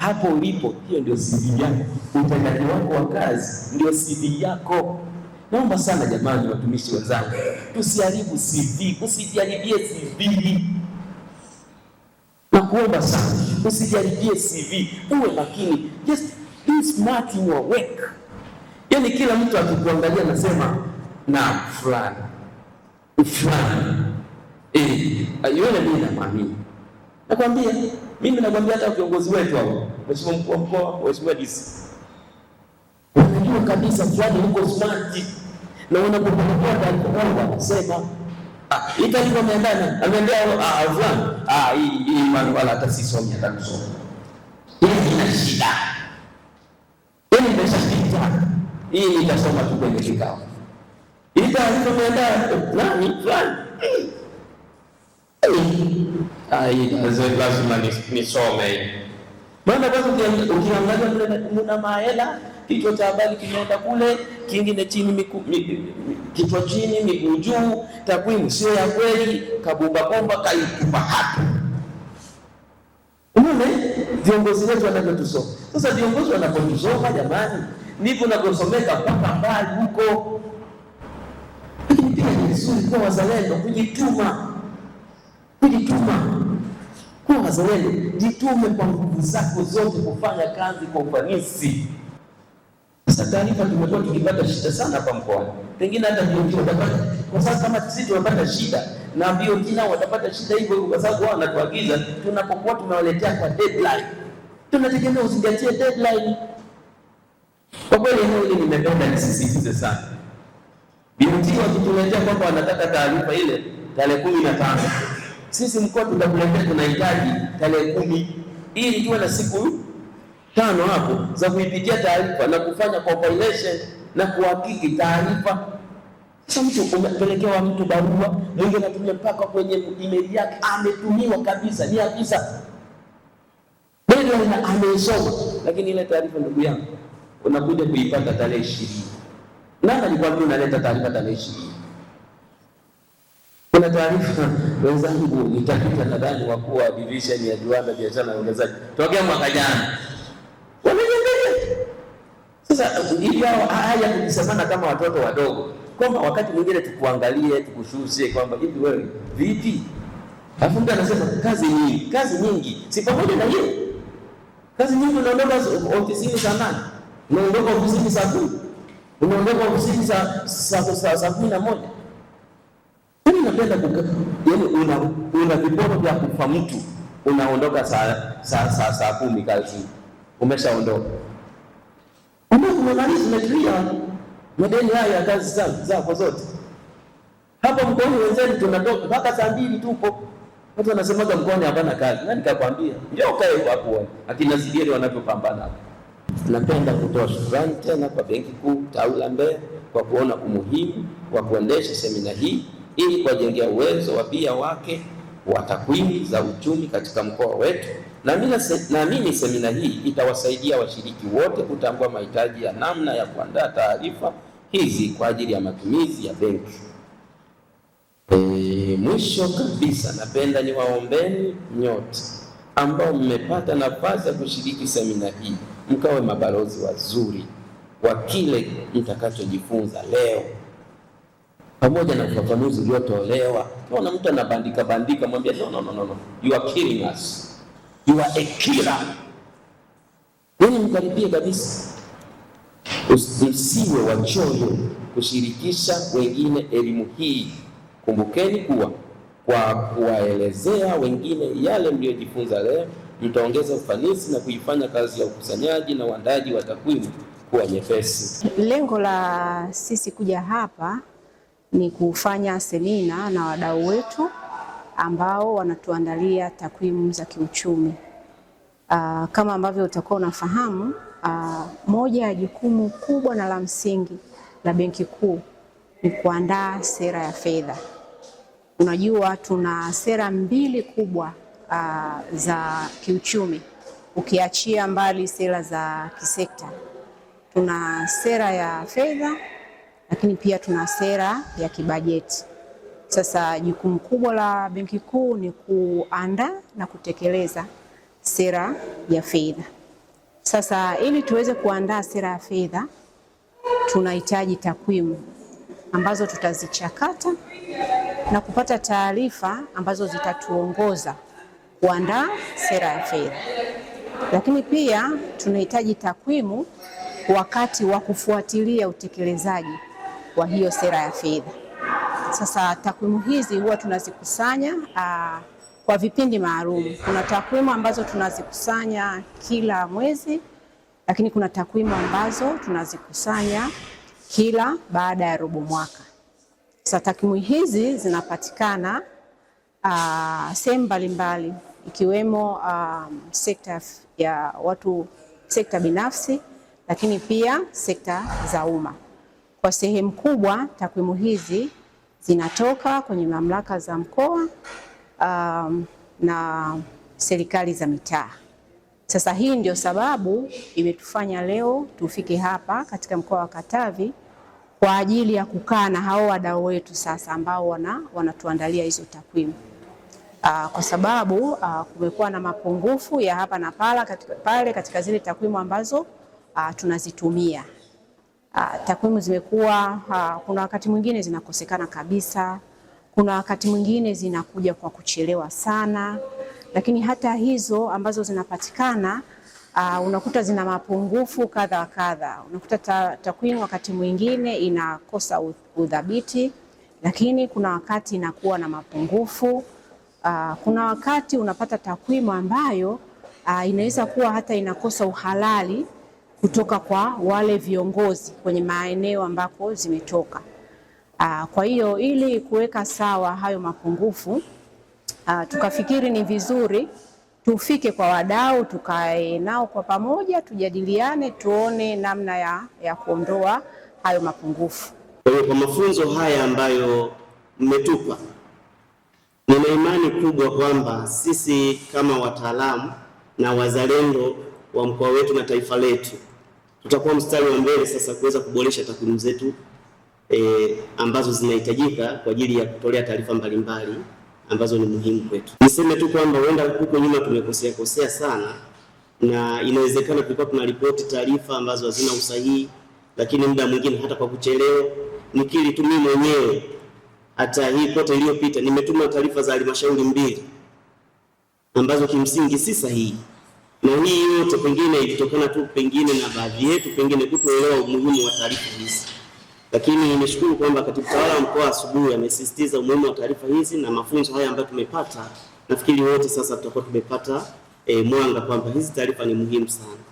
hapo ulipo, hiyo ndio CV yako. Utendaji wako wa kazi ndio CV yako. Naomba sana jamani, watumishi wenzangu, tusiharibu CV, usijaribie CV na kuomba sana, usijaribie CV, uwe makini, just be smart in your work. Yani kila mtu akikuangalia anasema na fulani fulani, eh, yule mimi namwamini, nakwambia mimi nakwambia hata viongozi wetu hao, mheshimiwa mkuu wa mkoa, mheshimiwa DC, wanajua kabisa fulani yuko smart na wanapokuwa kwamba sema ah, hii taarifa ameandaa ameandaa ah, ah, fulani ah, hii hii mambo wala hata si somi hata kusoma hii ina shida, hii shida hii nitasoma tu kwenye kikao, hii kwa ameandaa nani fulani lazima nisome. Maana kwanza ukiangalia muna mahela, kichwa cha habari kimeenda kule, kingine chini, kichwa chini, miguu juu, takwimu sio ya kweli, kabumba bomba kaitupa hapo. Unaona viongozi wetu wanavyotusoma. Sasa viongozi wanapotusoma, jamani, ndivyo navyosomeka mpaka mbali huko, lakini pia ni vizuri kuwa wazalendo, kujituma, kujituma kuwa mazoezi, jitume kwa nguvu zako zote kufanya kazi kwa ufanisi. Sasa taarifa tumekuwa tukipata shida sana hapa mkoa, pengine hata ndio ndio kwa sasa kama sisi tunapata shida na ndio kina watapata shida hivyo hivyo, kwa sababu wao wanatuagiza tunapokuwa tunawaletea kwa deadline, tunategemea uzingatie deadline. Kwa kweli hiyo hili nimependa nisisitize sana, BMT wakituletea kwamba wanataka taarifa ile tarehe 15 sisi mkoa tutakuletea, tunahitaji tarehe kumi ili ikiwa na siku tano hapo za kuipitia taarifa na kufanya compilation na kuhakiki taarifa. Sasa mtu umepelekewa mtu barua, mwingine anatumia mpaka kwenye email yake, ametumiwa kabisa, ni afisa deadline amesoma, lakini ile taarifa ndugu yangu unakuja kuipata tarehe ishirini. Nani alikwambia unaleta taarifa tarehe ishirini? Kuna taarifa wenzangu, nitapita nadhani wakuu wa divisheni ya viwanda, biashara na uwekezaji tokea mwaka jana wamejengeje Sasa hivi haya kujisemana kama watoto wadogo, kwamba wakati mwingine tukuangalie, tukushuhusie kwamba hivi wewe vipi? Alafu mtu anasema kazi nyingi, kazi nyingi. Si pamoja na hiyo kazi nyingi, unaondoka ofisini saa nane, unaondoka ofisini saa kumi, unaondoka ofisini saa kumi na moja ukipenda yani una una vipoto vya kufa mtu, unaondoka saa saa saa saa kumi kazi, umeshaondoka umemaliza, umetulia. Madeni haya ya kazi zako zote hapa mkoani, wenzeni tunatoka mpaka saa mbili tupo. Watu wanasemaga mkoani hapana kazi. Nani kakwambia? Ndio kae kwa hapo, akina Zigeri wanavyopambana. Napenda kutoa shukrani tena kwa Benki Kuu tawi la Mbeya kwa kuona umuhimu wa kuendesha semina hii ili kuwajengea uwezo wa pia wake wa takwimu za uchumi katika mkoa wetu. Naamini semina hii itawasaidia washiriki wote kutambua mahitaji ya namna ya kuandaa taarifa hizi kwa ajili ya matumizi ya benki. E, mwisho kabisa napenda niwaombeni nyote ambao mmepata nafasi ya kushiriki semina hii mkawe mabalozi wazuri wa kile mtakachojifunza leo pamoja na eh. ufafanuzi uliotolewa. Naona mtu anabandika bandika, mwambia no, no, no, no, you are killing us, you are a killer. Yani mkaribie kabisa, usiwe wachoyo kushirikisha wengine elimu hii. Kumbukeni kuwa kwa kuwaelezea wengine yale mliyojifunza leo, mtaongeza ufanisi na kuifanya kazi ya ukusanyaji na uandaji wa takwimu kuwa nyepesi. Lengo la sisi kuja hapa ni kufanya semina na wadau wetu ambao wanatuandalia takwimu za kiuchumi. Aa, ah, kama ambavyo utakuwa unafahamu, ah, moja ya jukumu kubwa na la msingi la Benki Kuu ni kuandaa sera ya fedha. Unajua tuna sera mbili kubwa aa, ah, za kiuchumi ukiachia mbali sera za kisekta. Tuna sera ya fedha lakini pia tuna sera ya kibajeti. Sasa jukumu kubwa la Benki Kuu ni kuandaa na kutekeleza sera ya fedha. Sasa ili tuweze kuandaa sera ya fedha, tunahitaji takwimu ambazo tutazichakata na kupata taarifa ambazo zitatuongoza kuandaa sera ya fedha. Lakini pia tunahitaji takwimu wakati wa kufuatilia utekelezaji wa hiyo sera ya fedha. Sasa takwimu hizi huwa tunazikusanya aa, ah, kwa vipindi maalum. Kuna takwimu ambazo tunazikusanya kila mwezi, lakini kuna takwimu ambazo tunazikusanya kila baada ya robo mwaka. Sasa takwimu hizi zinapatikana ah, sehemu mbalimbali ikiwemo um, sekta ya watu, sekta binafsi, lakini pia sekta za umma. Kwa sehemu kubwa takwimu hizi zinatoka kwenye mamlaka za mkoa um, na serikali za mitaa. Sasa hii ndio sababu imetufanya leo tufike hapa katika mkoa wa Katavi kwa ajili ya kukaa na hao wadau wetu sasa ambao wana, wanatuandalia hizo takwimu. Uh, kwa sababu uh, kumekuwa na mapungufu ya hapa na pala katika, pale katika zile takwimu ambazo uh, tunazitumia Ah, takwimu zimekuwa uh, kuna wakati mwingine zinakosekana kabisa, kuna wakati mwingine zinakuja kwa kuchelewa sana, lakini hata hizo ambazo zinapatikana uh, unakuta zina mapungufu kadha wa kadha. Unakuta ta, takwimu wakati mwingine inakosa udhabiti, lakini kuna wakati inakuwa na mapungufu uh, kuna wakati unapata takwimu ambayo uh, inaweza kuwa hata inakosa uhalali kutoka kwa wale viongozi kwenye maeneo ambako zimetoka. Ah, kwa hiyo ili kuweka sawa hayo mapungufu ah, tukafikiri ni vizuri tufike kwa wadau, tukae nao kwa pamoja, tujadiliane, tuone namna ya, ya kuondoa hayo mapungufu. Kwa hiyo kwa mafunzo haya ambayo mmetupa, nina imani kubwa kwamba sisi kama wataalamu na wazalendo wa mkoa wetu na taifa letu tutakuwa mstari wa mbele sasa kuweza kuboresha takwimu zetu e, ambazo zinahitajika kwa ajili ya kutolea taarifa mbalimbali ambazo ni muhimu kwetu. Niseme tu kwamba huenda huko nyuma tumekosea kosea sana, na inawezekana kuna ripoti taarifa ambazo hazina usahihi, lakini muda mwingine hata kwa kuchelewa. Nikili tu mimi mwenyewe, hata hii kote iliyopita nimetuma taarifa za halmashauri mbili ambazo kimsingi si sahihi na hii yote pengine ilitokana tu pengine na baadhi yetu pengine kutoelewa umuhimu wa taarifa hizi, lakini nimeshukuru kwamba katibu tawala wa mkoa asubuhi amesisitiza umuhimu wa taarifa hizi na mafunzo haya ambayo tumepata. Nafikiri wote sasa tutakuwa tumepata e, mwanga kwamba hizi taarifa ni muhimu sana.